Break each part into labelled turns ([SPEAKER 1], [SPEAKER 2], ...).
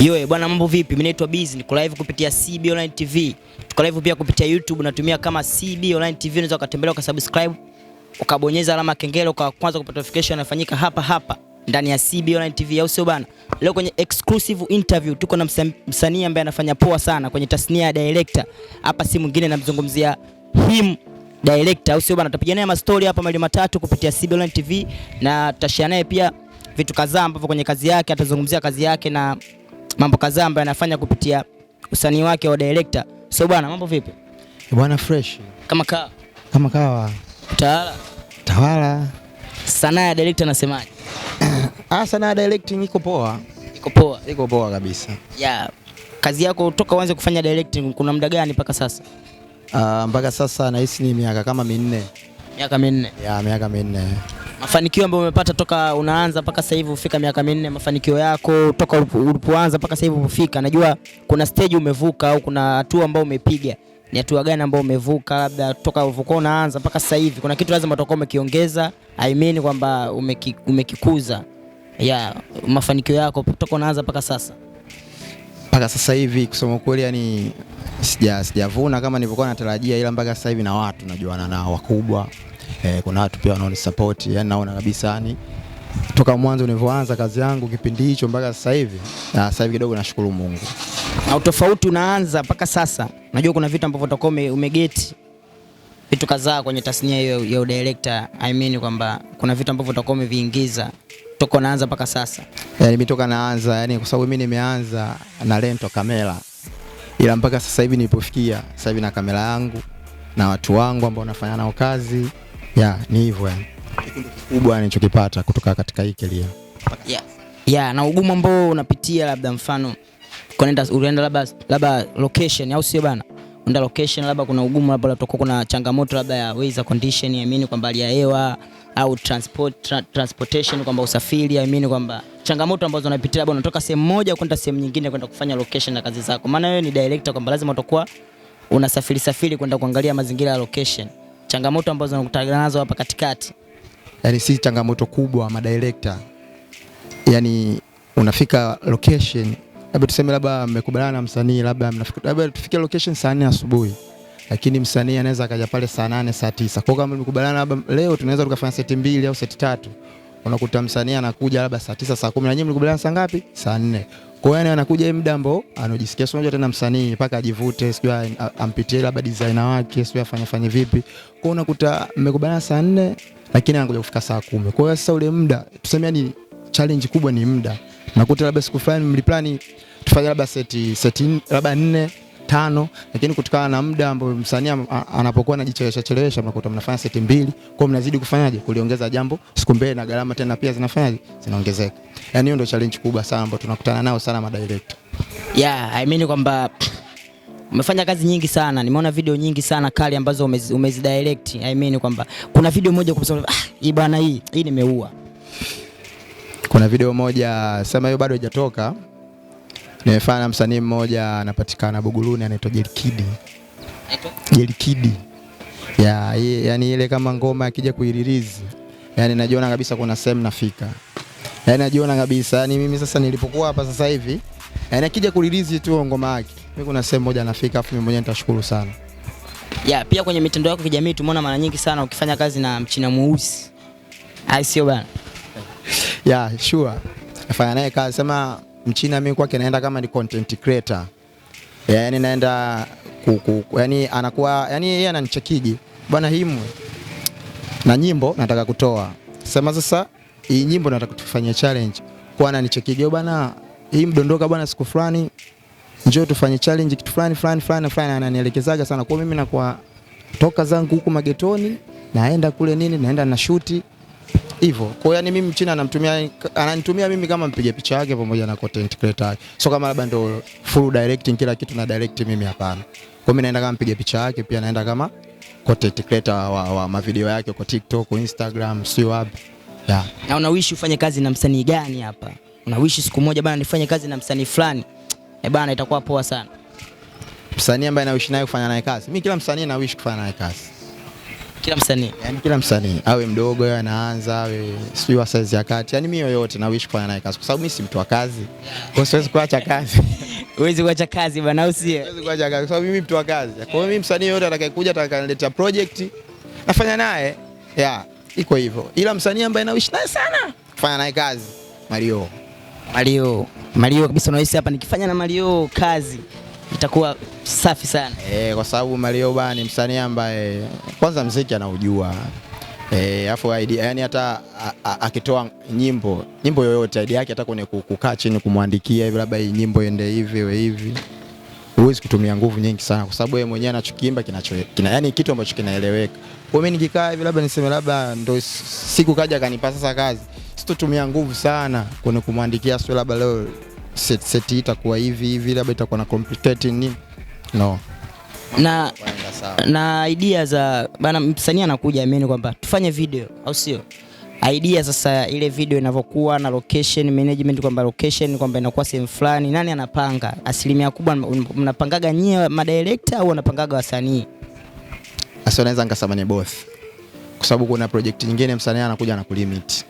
[SPEAKER 1] Yo, eh, bwana mambo vipi? Mimi naitwa Biz, niko live kupitia CB Online TV. Tuko live pia kupitia YouTube, natumia kama CB Online TV, unaweza ukatembelea ukasubscribe, ukabonyeza alama kengele kwa kwanza kupata notification inafanyika hapa hapa ndani ya CB Online TV, au sio bwana? Leo kwenye exclusive interview tuko na msanii ambaye anafanya poa sana kwenye tasnia ya director. Hapa si mwingine namzungumzia him director, au sio bwana? Tutapiga naye mastori hapa mali matatu kupitia CB Online TV na tutashare naye pia vitu kadhaa ambavyo kwenye kazi yake atazungumzia kazi yake na mambo kadhaa ambayo anafanya kupitia usanii wake wa director. So bwana, mambo vipi?
[SPEAKER 2] Bwana fresh. Kama kawa. Kama kawa. Tawala. Tawala.
[SPEAKER 1] Sanaa ya director anasemaje?
[SPEAKER 2] Ah, sanaa ya directing iko poa. Iko poa. Iko poa kabisa.
[SPEAKER 1] Yeah. Kazi yako toka uanze kufanya directing kuna muda gani mpaka sasa?
[SPEAKER 2] Ah, mpaka sasa nahisi ni miaka kama minne. Miaka minne. Yeah, miaka minne.
[SPEAKER 1] Mafanikio ambayo umepata toka unaanza mpaka sasa hivi ufika miaka minne, mafanikio yako toka ulipoanza mpaka sasa hivi ufika, najua kuna stage umevuka au kuna hatua ambayo umepiga, ni hatua gani ambayo umevuka, labda toka ulipokuwa unaanza mpaka sasa hivi, kuna kitu lazima utakuwa umekiongeza, I mean kwamba umeki, umekikuza yeah, mafanikio yako toka unaanza mpaka sasa
[SPEAKER 2] mpaka sasa hivi kusema kweli, yani sijavuna sija kama nilivyokuwa natarajia, ila mpaka sasa hivi na watu najuana nao wakubwa eh, kuna watu pia wanaonisupport, yani naona kabisa yani toka mwanzo nilivyoanza kazi yangu kipindi hicho mpaka sasa hivi, na sasa hivi kidogo nashukuru Mungu.
[SPEAKER 1] Na utofauti unaanza mpaka sasa, najua kuna vitu ambavyo utakuwa umegeti vitu kadhaa kwenye tasnia hiyo ya udirector. I mean kwamba kuna vitu ambavyo utakuwa umeviingiza toka naanza mpaka sasa.
[SPEAKER 2] Yani mimi toka naanza, yani kwa sababu mimi nimeanza na lento kamera, ila mpaka sasa hivi nilipofikia sasa hivi na kamera yangu na watu wangu ambao nafanya nao kazi yeah, ni hivyo yani kikubwa nilichokipata kutoka katika hii kelia
[SPEAKER 1] yeah. yeah, na ugumu ambao unapitia labda mfano kwenda unaenda labda labda location au sio bana unda location labda kuna ugumu labda tutakuwa kuna changamoto labda ya weather condition I mean kwamba hali ya hewa au transport tra, transportation kwamba usafiri I mean kwamba changamoto ambazo unapitia labda unatoka sehemu moja kwenda sehemu nyingine kwenda kufanya location na kazi zako maana wewe ni director kwamba lazima utakuwa unasafiri safiri kwenda kuangalia mazingira ya location changamoto ambazo nakutana nazo hapa katikati?
[SPEAKER 2] Yani si changamoto kubwa, madirekta, yani unafika location, labda tuseme, labda mmekubaliana na msanii, labda mnafika, labda tufike location saa 4 asubuhi lakini msanii anaweza akaja pale saa nane saa tisa Kwa kama mmekubaliana labda leo tunaweza tukafanya seti mbili au seti tatu, unakuta msanii anakuja labda saa tisa saa kumi na nyinyi mlikubaliana saa ngapi? Saa nne. Kwa hiyo anakuja muda ambao anajisikia sio tena msanii mpaka ajivute, sio ampitie labda designer wake, sio afanye fanye vipi. Kwa hiyo unakuta mmekubana saa nne lakini anakuja kufika saa kumi. Kwa hiyo sasa ule muda tuseme, ni challenge kubwa ni muda. Nakuta labda siku fulani mliplani tufanye labda seti seti labda nne tano, lakini kutokana na muda ambao msanii anapokuwa anajichelewesha chelewesha, mnakuta mnafanya seti mbili, kwa mnazidi kufanyaje kuliongeza jambo siku mbele, na gharama tena pia zinafanyaje zinaongezeka. Yani hiyo ndio challenge kubwa sana ambayo tunakutana nayo sana madirector.
[SPEAKER 1] Yeah, I mean kwamba umefanya kazi nyingi sana, nimeona video nyingi sana kali ambazo umezi, direct. I mean kwamba kuna video moja kwa sababu ah, hii bwana hii hii nimeua.
[SPEAKER 2] Kuna video moja sema hiyo bado haijatoka nimefanya msanii mmoja anapatikana Buguruni anaitwa Jelikidi. Jelikidi. Ya, yani ile kama ngoma akija kuiririzi. Yaani najiona kabisa kuna sehemu nafika, Yaani najiona kabisa Yaani mimi sasa nilipokuwa hapa sasa hivi yaani akija kuiririzi tu ngoma yake mimi kuna sehemu moja nafika, afu mimi mwenyewe nitashukuru sana.
[SPEAKER 1] Ya, pia kwenye mitendo yako kijamii tumeona mara nyingi sana ukifanya kazi na mchina mweusi, ai sio bana?
[SPEAKER 2] Ya, sure nafanya naye kazi sema mchina mimi kwake naenda kama ni content creator yani naenda kuku, yani anakuwa yani yeye ananichekiji bwana himwe na nyimbo nataka kutoa sema sasa hii nyimbo nataka tufanye challenge kwa ananichekiji oh, bwana hii mdondoka bwana siku fulani njoo tufanye challenge kitu fulani fulani fulani fulani ananielekezaga sana kwa mimi na kwa toka zangu huku magetoni naenda kule nini naenda na shuti hivyo. Kwa hiyo yani mimi mchina anamtumia ananitumia mimi kama mpiga picha yake pamoja na content creator yake, So kama labda ndo full directing kila kitu na direct mimi hapana. Kwa mimi naenda kama mpiga picha yake, pia naenda kama content creator wa, wa, wa mavideo yake kwa TikTok, kwa Instagram, sio wapi.
[SPEAKER 1] Yeah. Na unawishi ufanye kazi na msanii gani hapa? Unawishi siku moja bana nifanye kazi na msanii fulani. Eh, bana itakuwa poa sana.
[SPEAKER 2] Msanii ambaye nawishi naye kufanya naye kazi. Mimi kila msanii nawishi kufanya naye kazi kila msanii yani, kila msanii awe mdogo awe anaanza awe sijui wa size ya kati, yani mimi yoyote na wish kwa naye kazi, kwa sababu mimi si mtu wa kazi, kwa siwezi kuacha kazi.
[SPEAKER 1] Huwezi kuacha kazi bwana, au sio? Huwezi
[SPEAKER 2] kuacha kazi kwa sababu mimi mtu wa kazi. Kwa hiyo mimi msanii yote atakayekuja atakaniletea project nafanya naye, yeah, iko hivyo, ila msanii ambaye na wish naye sana kufanya naye kazi Mario,
[SPEAKER 1] Mario, Mario kabisa. Unahisi hapa nikifanya na Mario kazi itakuwa safi sana
[SPEAKER 2] e, kwa sababu Mariooba ni msanii ambaye kwanza mziki anaujua eh, alafu e, idea yani hata akitoa nyimbo nyimbo yoyote idea yake hata kwenye kukaa chini kumwandikia hivi labda hii nyimbo ende hivi we hivi huwezi kutumia nguvu nyingi sana kwa sababu yeye mwenyewe anachokiimba kinacho kina, yani kitu ambacho kinaeleweka. Kwa mimi nikikaa hivi labda niseme labda ndo siku kaja kanipa sasa kazi, sitotumia nguvu sana kwenye kumwandikia sio labda leo set set itakuwa hivi hivi, labda itakuwa na complicated nini no
[SPEAKER 1] na, na idea za bana, msanii anakuja amini kwamba tufanye video au sio? Idea sasa ile video inavyokuwa na location management, kwamba location kwamba inakuwa sehemu fulani, nani anapanga? Asilimia kubwa mnapangaga nyie madirector au wanapangaga wasanii?
[SPEAKER 2] Asi, naweza nikasema ni both, kwa sababu kuna project nyingine msanii anakuja anakulimit,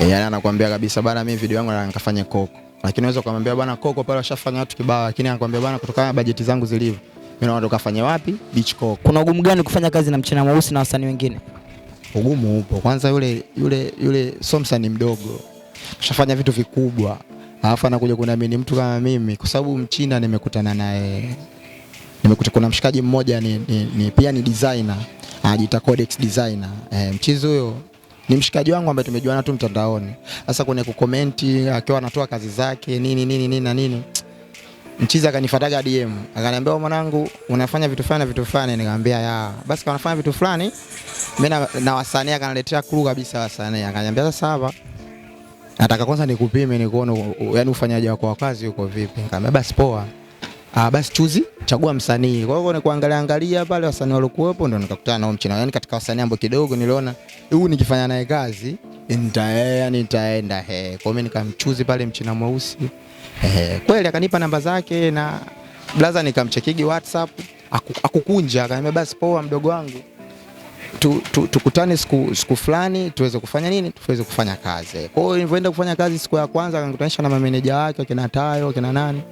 [SPEAKER 2] yaani anakuambia kabisa bana, mimi video yangu nikafanye koko lakini unaweza kumwambia bwana Coco pale washafanya watu kibao, lakini anakuambia bwana, kutokana na bajeti zangu zilivyo, mimi naona tukafanye wapi Beach Coco.
[SPEAKER 1] Kuna ugumu gani kufanya kazi na mchina mweusi na wasanii wengine?
[SPEAKER 2] Ugumu upo. Kwanza yule yule yule Somsa ni mdogo. kashafanya vitu vikubwa. Alafu anakuja kuna mimi mtu kama mimi kwa sababu mchina nimekutana naye. Nimekuta kuna mshikaji mmoja ni, ni, ni pia ni designer, anajiita Codex designer. E, mchizi huyo ni mshikaji wangu ambaye tumejuana tu mtandaoni. Sasa kwenye kukomenti akiwa anatoa kazi zake nini nini nini na nini, mchizi akanifataga DM akaniambia, oh, mwanangu, unafanya vitu fulani na vitu fulani. Nikamwambia ya basi, kama unafanya vitu fulani, mimi na wasanii. Akaniletea crew kabisa wasanii, akaniambia sasa hapa nataka kwanza nikupime nikuone, yani ufanyaji wako wa kazi uko vipi. Nikamwambia basi poa. Ah, basi chuzi chagua msanii. Kwa hiyo ni kuangalia angalia pale wasanii waliokuwepo ndo nikakutana nao Mchina. Yaani katika wasanii ambao kidogo niliona huyu nikifanya naye kazi yani eh, nitaenda he. Eh. Kwa hiyo nikamchuzi pale Mchina mweusi. Eh, kweli akanipa namba zake na blaza nikamchekigi WhatsApp aku, akukunja akaniambia basi poa mdogo wangu Tu, tu, tu siku siku fulani tuweze kufanya nini, tuweze kufanya kazi. Kwa hiyo nilipoenda kufanya kazi siku ya kwanza, akanikutanisha na mameneja wake akina Tayo akina nani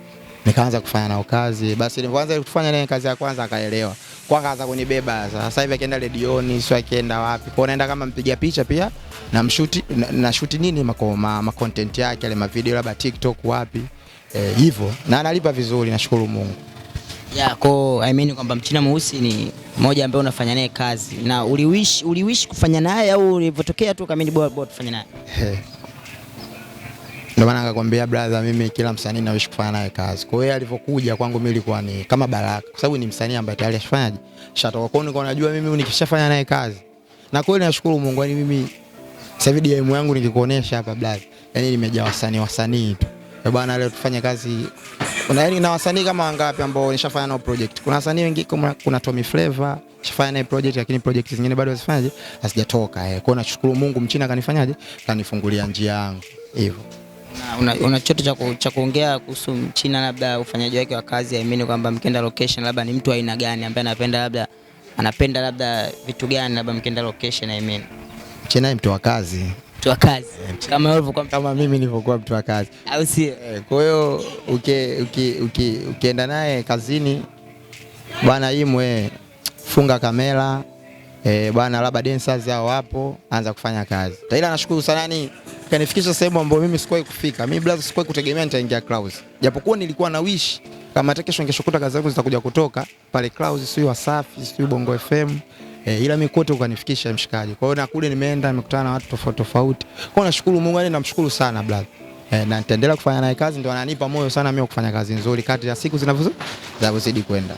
[SPEAKER 2] nikaanza kufanya nao kazi. Basi nilipoanza kufanya naye kazi ya kwanza akaelewa, kwa kaanza kunibeba. Sasa hivi akienda redioni, sio akienda wapi, kwa naenda kama mpiga picha pia na mshuti na, na shuti nini mako, ma, ma content yake ile ma video labda TikTok wapi e, hivyo eh, na analipa vizuri, nashukuru Mungu
[SPEAKER 1] ya ko I mean kwamba mchina mweusi ni mmoja ambaye unafanya naye kazi na uliwish uliwish kufanya naye au ulivyotokea tu kama ni bora bora tufanye naye
[SPEAKER 2] ndio maana akakwambia brother, mimi kila msanii naweza kufanya naye kazi. Kwa hiyo alivyokuja kwangu mimi ilikuwa ni kama baraka, kwa sababu ni msanii ambaye tayari ashafanyaje, shatoka kwao, niko najua mimi nikishafanya naye kazi. Na kweli nashukuru Mungu, yani mimi sasa hivi DM yangu nikikuonesha hapa brother, yani nimejaa wasanii wasanii tu bwana, leo tufanye kazi kuna yani na wasanii kama wangapi ambao nishafanya nao project. Kuna wasanii wengi kama kuna Tommy Flavor nishafanya naye project, lakini project zingine bado hazifanyaje, hazijatoka eh. Kwa nashukuru Mungu, mchina kanifanyaje, kanifungulia njia yangu hivyo.
[SPEAKER 1] Una, una choto cha kuongea kuhusu China, labda ufanyaji wake wa kazi, aamini kwamba mkienda location, labda ni mtu aina gani ambaye anapenda labda anapenda labda vitu gani, labda mkienda location, aamini
[SPEAKER 2] China ni mtu wa kazi, mtu wa kazi eh, kama ulivyokuwa, kama mimi nilivyokuwa mtu wa kazi,
[SPEAKER 1] au sio? Eh,
[SPEAKER 2] kwa hiyo ukienda uki, uki, uki naye kazini bwana, imwe funga kamera eh, bwana, labda dancers hao wapo, anza kufanya kazi. Ila nashukuru sana ni kanifikisha sehemu ambayo mimi sikuwahi kufika. Mimi brother, sikuwahi kutegemea nitaingia Clouds. Japokuwa nilikuwa na wish kama hata kesho ningeshakuta kazi zangu zitakuja kutoka pale Clouds, sio Wasafi, sio Bongo FM. E, eh, ila mimi kote ukanifikisha mshikaji. Kwa hiyo na kule nimeenda nimekutana na watu tofauti tofauti. Kwa hiyo nashukuru Mungu, yani namshukuru sana brother. E, eh, na nitaendelea kufanya naye kazi, ndio ananipa moyo sana mimi kufanya kazi nzuri kati ya siku zinavyozidi kwenda.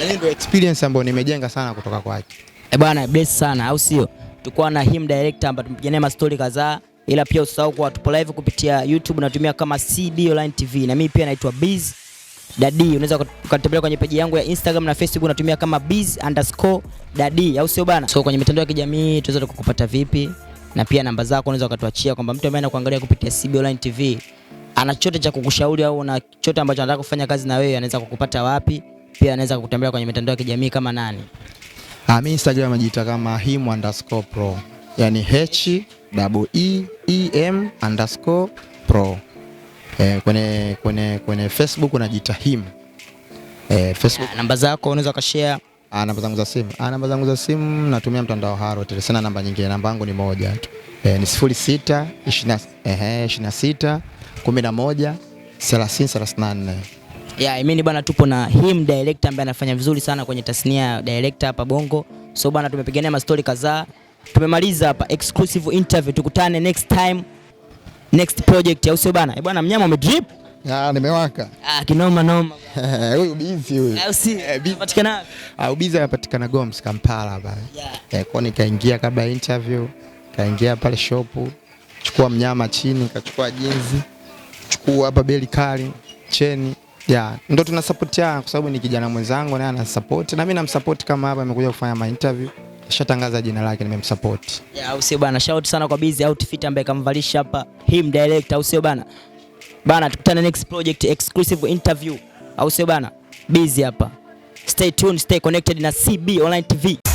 [SPEAKER 2] Yani ndio experience ambayo nimejenga sana kutoka kwake.
[SPEAKER 1] Eh, bwana bless sana au sio? Tukua na him director ambaye tumpigia naye mastori kadhaa ila pia usisahau kuwa tupo live kupitia YouTube natumia kama CB Online TV, na mimi pia naitwa Biz Dadi. Unaweza kutembelea kwenye peji yangu ya Instagram na Facebook natumia kama Biz underscore Dadi, au sio bana? So kwenye mitandao ya kijamii tuweza tukakupata vipi? Na pia namba zako unaweza ukatuachia kwamba mtu ambaye anakuangalia kupitia CB Online TV ana chote cha kukushauri au na chote ambacho anataka kufanya kazi na wewe anaweza kukupata wapi? Pia anaweza kukutembelea kwenye mitandao ya kijamii kama nani?
[SPEAKER 2] Ah, mimi Instagram najiita kama him_pro. yani H double e em underscore pro eh, kwenye, kwenye, kwenye Facebook unajiita him eh, Facebook. Ah,
[SPEAKER 1] namba zako unaweza ukashare?
[SPEAKER 2] Ah, namba zangu za simu, ah, namba zangu za simu natumia mtandao tele, sina namba nyingine, namba yangu ni moja tu eh, ni 06 26 11 30 34.
[SPEAKER 1] Yeah, I mean bwana, tupo na him director ambaye anafanya vizuri sana kwenye tasnia ya director hapa Bongo. So bwana, tumepigania mastori kadhaa Tumemaliza hapa exclusive interview, tukutane next time, next project, au sio bana? Eh, bwana mnyama umedrip.
[SPEAKER 2] Ah, nimewaka.
[SPEAKER 1] Ah, kinoma noma.
[SPEAKER 2] Huyu bizi huyu. Au ah, si anapatikana? Eh, au ah, bizi anapatikana Goms Kampala hapa. Eh, kwa nikaingia kabla interview, kaingia pale shop, chukua mnyama chini, kachukua jinzi, chukua hapa beli kali, cheni. Yeah, ndo tunasupportiana kwa sababu ni kijana mwenzangu naye anasupport na mimi namsupport kama hapa amekuja kufanya ma interview shatangaza jina lake, nimemsupport
[SPEAKER 1] au sio bana? Shout sana kwa Busy outfit ambaye kamvalisha hapa him direct, au sio bana? Bana, tukutane next project exclusive interview, au sio bana? Busy hapa, stay tuned, stay connected na CB Online TV.